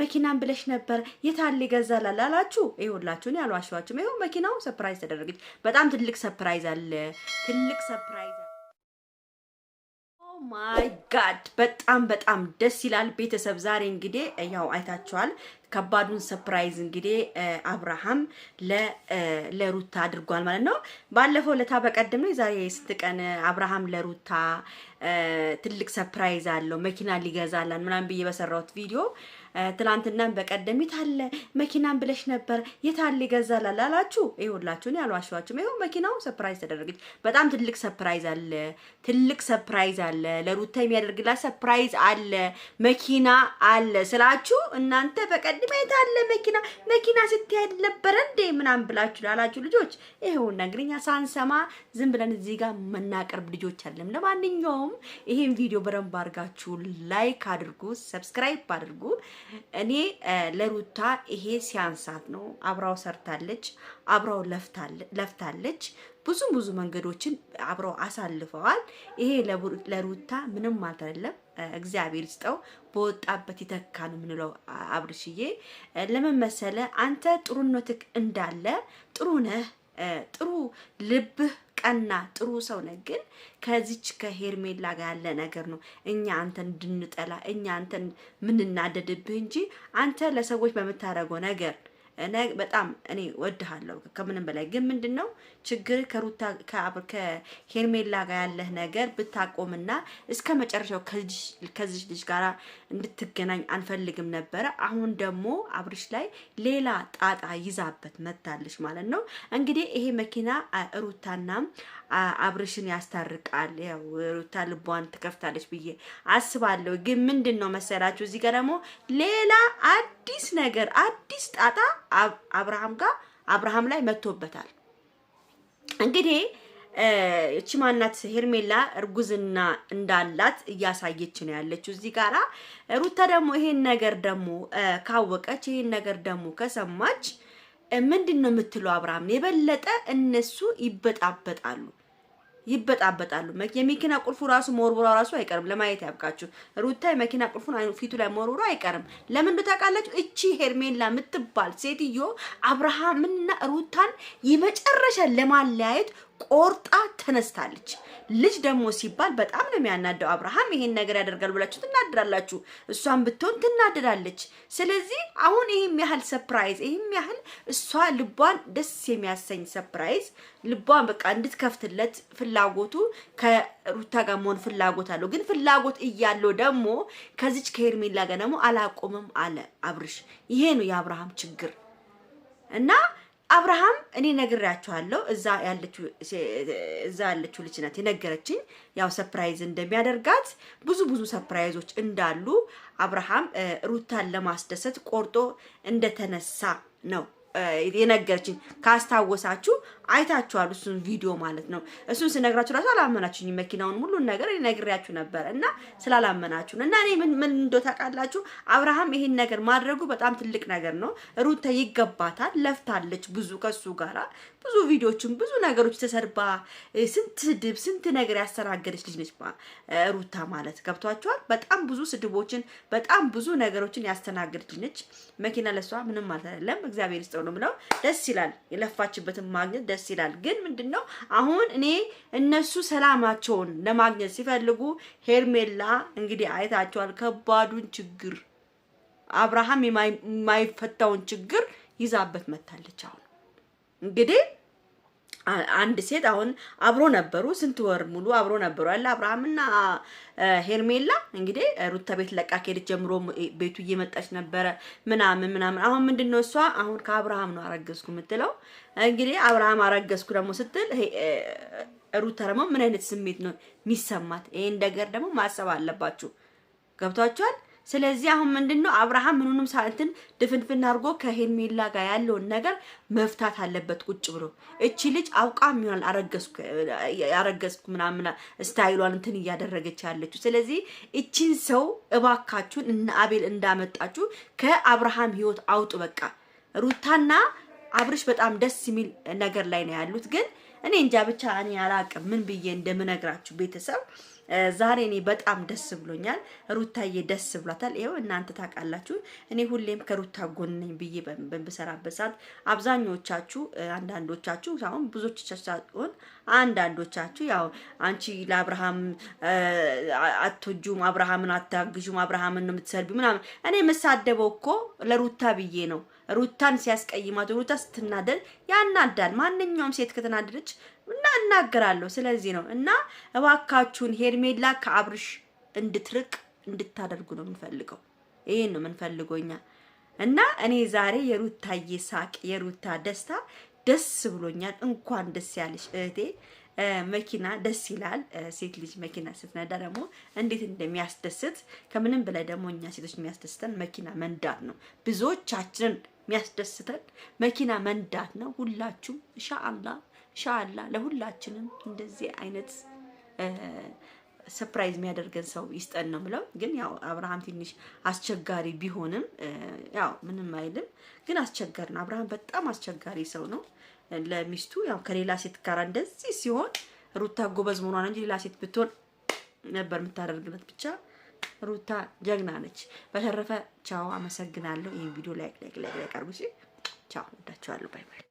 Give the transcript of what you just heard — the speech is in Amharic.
መኪናን ብለሽ ነበር የታል ይገዛል አላላችሁ? ይኸውላችሁን ያሏችኋችሁ ይኸው መኪናው ሰርፕራይዝ ተደረገች። በጣም ትልቅ ሰርፕራይዝ አለ። ትልቅ ሰርፕራይዝ ማይ ጋድ oh በጣም በጣም ደስ ይላል። ቤተሰብ ዛሬ እንግዲህ ያው አይታችኋል ከባዱን ሰፕራይዝ እንግዲህ አብርሃም ለሩታ አድርጓል ማለት ነው። ባለፈው ለታ በቀደም ነው የዛሬ ስት ቀን አብርሃም ለሩታ ትልቅ ሰፕራይዝ አለው መኪና ሊገዛላን ምናምን ብዬ በሰራሁት ቪዲዮ ትላንትናን በቀደም የታለ መኪናን ብለሽ ነበር የታለ ይገዛላል አላችሁ። ይሁላችሁ ይኸውላችሁን ያሏችኋችሁም ይኸው መኪናው ሰፕራይዝ ተደረገች። በጣም ትልቅ ሰፕራይዝ አለ፣ ትልቅ ሰፕራይዝ አለ፣ ለሩታ የሚያደርግላት ሰፕራይዝ አለ፣ መኪና አለ ስላችሁ እናንተ በቀደም ማየት አለ መኪና መኪና ስትሄድ ነበረ እንዴ ምናምን ብላችሁ ላላችሁ ልጆች ይሄውን ነግርኛ ሳንሰማ ዝም ብለን እዚህ ጋር መናቀርብ ልጆች አለም። ለማንኛውም ይሄን ቪዲዮ በደንብ አድርጋችሁ ላይክ አድርጉ፣ ሰብስክራይብ አድርጉ። እኔ ለሩታ ይሄ ሲያንሳት ነው። አብራው ሰርታለች፣ አብራው ለፍታለች። ብዙ ብዙ መንገዶችን አብረው አሳልፈዋል። ይሄ ለሩታ ምንም ማለት አይደለም። እግዚአብሔር ይስጠው በወጣበት ይተካ ነው የምንለው። አብርሽዬ ለምን መሰለ አንተ ጥሩነትህ እንዳለ ጥሩ ነህ፣ ጥሩ ልብህ ቀና፣ ጥሩ ሰው ነህ። ግን ከዚች ከሄርሜላ ጋር ያለ ነገር ነው እኛ አንተን እንድንጠላ እኛ አንተን ምንናደድብህ እንጂ አንተ ለሰዎች በምታደርገው ነገር በጣም እኔ ወድሃለሁ ከምንም በላይ ግን ምንድን ነው ችግር ከሩታ ከሄርሜላ ጋር ያለህ ነገር ብታቆምና እስከ መጨረሻው ከዚች ልጅ ጋር እንድትገናኝ አንፈልግም ነበረ። አሁን ደግሞ አብርሽ ላይ ሌላ ጣጣ ይዛበት መታለች ማለት ነው። እንግዲህ ይሄ መኪና ሩታና አብርሽን ያስታርቃል። ያው ሩታ ልቧን ትከፍታለች ብዬ አስባለሁ። ግን ምንድን ነው መሰላችሁ እዚህ ጋር ደግሞ ሌላ አዲስ ነገር አዲስ ጣጣ አብርሃም ጋር አብርሃም ላይ መጥቶበታል። እንግዲህ እቺ ማናት ሄርሜላ እርጉዝና እንዳላት እያሳየች ነው ያለችው እዚህ ጋራ። ሩታ ደግሞ ይሄን ነገር ደግሞ ካወቀች ይሄን ነገር ደግሞ ከሰማች ምንድን ነው የምትለው? አብርሃም የበለጠ እነሱ ይበጣበጣሉ። ይበጣበጣሉ። የመኪና ቁልፉ ራሱ መወርወሯ ራሱ አይቀርም። ለማየት ያብቃችሁ። ሩታ የመኪና ቁልፉን አይኑ ፊቱ ላይ መወርወሯ አይቀርም። ለምን ታውቃላችሁ? እቺ ሄርሜላ የምትባል ሴትዮ አብርሃምና ሩታን የመጨረሻ ለማለያየት ቆርጣ ተነስታለች። ልጅ ደግሞ ሲባል በጣም ነው የሚያናደው። አብርሃም ይሄን ነገር ያደርጋል ብላችሁ ትናደዳላችሁ፣ እሷን ብትሆን ትናደዳለች። ስለዚህ አሁን ይህም ያህል ሰፕራይዝ፣ ይህም ያህል እሷ ልቧን ደስ የሚያሰኝ ሰፕራይዝ፣ ልቧን በቃ እንድትከፍትለት ፍላጎቱ ከሩታ ጋር መሆን ፍላጎት አለው። ግን ፍላጎት እያለው ደግሞ ከዚች ከሄርሜላ ጋር ደግሞ አላቆምም አለ አብርሽ። ይሄ ነው የአብርሃም ችግር እና አብርሃም እኔ ነግሬያችኋለሁ። እዛ ያለችው እዛ ያለችው ልጅ ናት የነገረችኝ። ያው ሰፕራይዝ እንደሚያደርጋት ብዙ ብዙ ሰፕራይዞች እንዳሉ አብርሃም ሩታን ለማስደሰት ቆርጦ እንደተነሳ ነው የነገረችኝ። ካስታወሳችሁ አይታችኋል፣ እሱን ቪዲዮ ማለት ነው። እሱን ስነግራችሁ ራሱ አላመናችሁኝ። መኪናውን ሁሉን ነገር ነግሬያችሁ ነበር እና ስላላመናችሁ እና እኔ ምን ምን እንዶ ታውቃላችሁ፣ አብርሃም ይሄን ነገር ማድረጉ በጣም ትልቅ ነገር ነው። ሩታ ይገባታል፣ ለፍታለች ብዙ ከሱ ጋራ ብዙ ቪዲዮችን ብዙ ነገሮች ተሰርባ ስንት ስድብ ስንት ነገር ያስተናገደች ልጅ ነች ሩታ ማለት ገብቷችኋል። በጣም ብዙ ስድቦችን በጣም ብዙ ነገሮችን ያስተናገደች ልጅ ነች። መኪና ለሷ ምንም አልተለለም። እግዚአብሔር ይስጠው ነው የምለው። ደስ ይላል የለፋችበትን ማግኘት ደስ ደስ ይላል። ግን ምንድን ነው አሁን እኔ እነሱ ሰላማቸውን ለማግኘት ሲፈልጉ ሄርሜላ እንግዲህ አይታቸዋል። ከባዱን ችግር አብርሃም የማይፈታውን ችግር ይዛበት መታለች። አሁን እንግዲህ አንድ ሴት አሁን አብሮ ነበሩ። ስንት ወር ሙሉ አብሮ ነበሩ ያለ አብርሃምና ሄርሜላ። እንግዲህ ሩታ ቤት ለቃ ከሄደች ጀምሮ ቤቱ እየመጣች ነበረ ምናምን ምናምን። አሁን ምንድን ነው እሷ አሁን ከአብርሃም ነው አረገዝኩ የምትለው። እንግዲህ አብርሃም አረገዝኩ ደግሞ ስትል ሩታ ደግሞ ምን አይነት ስሜት ነው የሚሰማት? ይሄን ነገር ደግሞ ማሰብ አለባችሁ። ገብቷችኋል? ስለዚህ አሁን ምንድን ነው አብርሃም ምኑንም ሳንትን ድፍንፍን አድርጎ ከሄርሜላ ጋር ያለውን ነገር መፍታት አለበት። ቁጭ ብሎ እቺ ልጅ አውቃ ሚሆን ያረገዝኩ ምናምን ስታይሏን እንትን እያደረገች ያለችው። ስለዚህ እቺን ሰው እባካችሁን እነ አቤል እንዳመጣችሁ ከአብርሃም ህይወት አውጡ። በቃ ሩታና አብርሽ በጣም ደስ የሚል ነገር ላይ ነው ያሉት። ግን እኔ እንጃ ብቻ እኔ አላቅም ምን ብዬ እንደምነግራችሁ ቤተሰብ ዛሬ እኔ በጣም ደስ ብሎኛል። ሩታዬ ደስ ብሏታል። ይኸው እናንተ ታውቃላችሁ፣ እኔ ሁሌም ከሩታ ጎን ነኝ ብዬ በምሰራበት ሰዓት አብዛኞቻችሁ፣ አንዳንዶቻችሁ አሁን ብዙዎቻችሁ፣ አንዳንዶቻችሁ ያው አንቺ ለአብርሃም አትወጂውም፣ አብርሃምን አታግዥም፣ አብርሃምን ነው የምትሰልቢው ምናምን። እኔ የምሳደበው እኮ ለሩታ ብዬ ነው ሩታን ሲያስቀይማት ሩታ ስትናደድ ያናዳል። ማንኛውም ሴት ከተናደደች እና እናገራለሁ። ስለዚህ ነው እና እባካችሁን ሄርሜላ ከአብርሽ እንድትርቅ እንድታደርጉ ነው የምንፈልገው። ይሄን ነው የምንፈልገው እና እኔ ዛሬ የሩታዬ ሳቅ የሩታ ደስታ ደስ ብሎኛል። እንኳን ደስ ያለሽ እህቴ። መኪና ደስ ይላል። ሴት ልጅ መኪና ስትነዳ ደግሞ እንዴት እንደሚያስደስት ከምንም በላይ ደግሞ እኛ ሴቶች የሚያስደስተን መኪና መንዳት ነው ብዙዎቻችንን የሚያስደስተን መኪና መንዳት ነው። ሁላችሁም እንሻአላ እንሻአላ ለሁላችንም እንደዚህ አይነት ሰፕራይዝ የሚያደርገን ሰው ይስጠን ነው ምለው። ግን ያው አብርሃም ትንሽ አስቸጋሪ ቢሆንም ያው ምንም አይልም፣ ግን አስቸጋሪ ነው። አብርሃም በጣም አስቸጋሪ ሰው ነው ለሚስቱ። ያው ከሌላ ሴት ጋር እንደዚህ ሲሆን ሩታ ጎበዝ መሆኗን እንጂ ሌላ ሴት ብትሆን ነበር የምታደርግለት ብቻ ሩታ ጀግና ነች። በተረፈ ቻው፣ አመሰግናለሁ። ይህን ቪዲዮ ላይክ ላይክ ላይክ ላይክ አድርጉ። ቻው፣ ወዳችኋለሁ። ባይ ባይ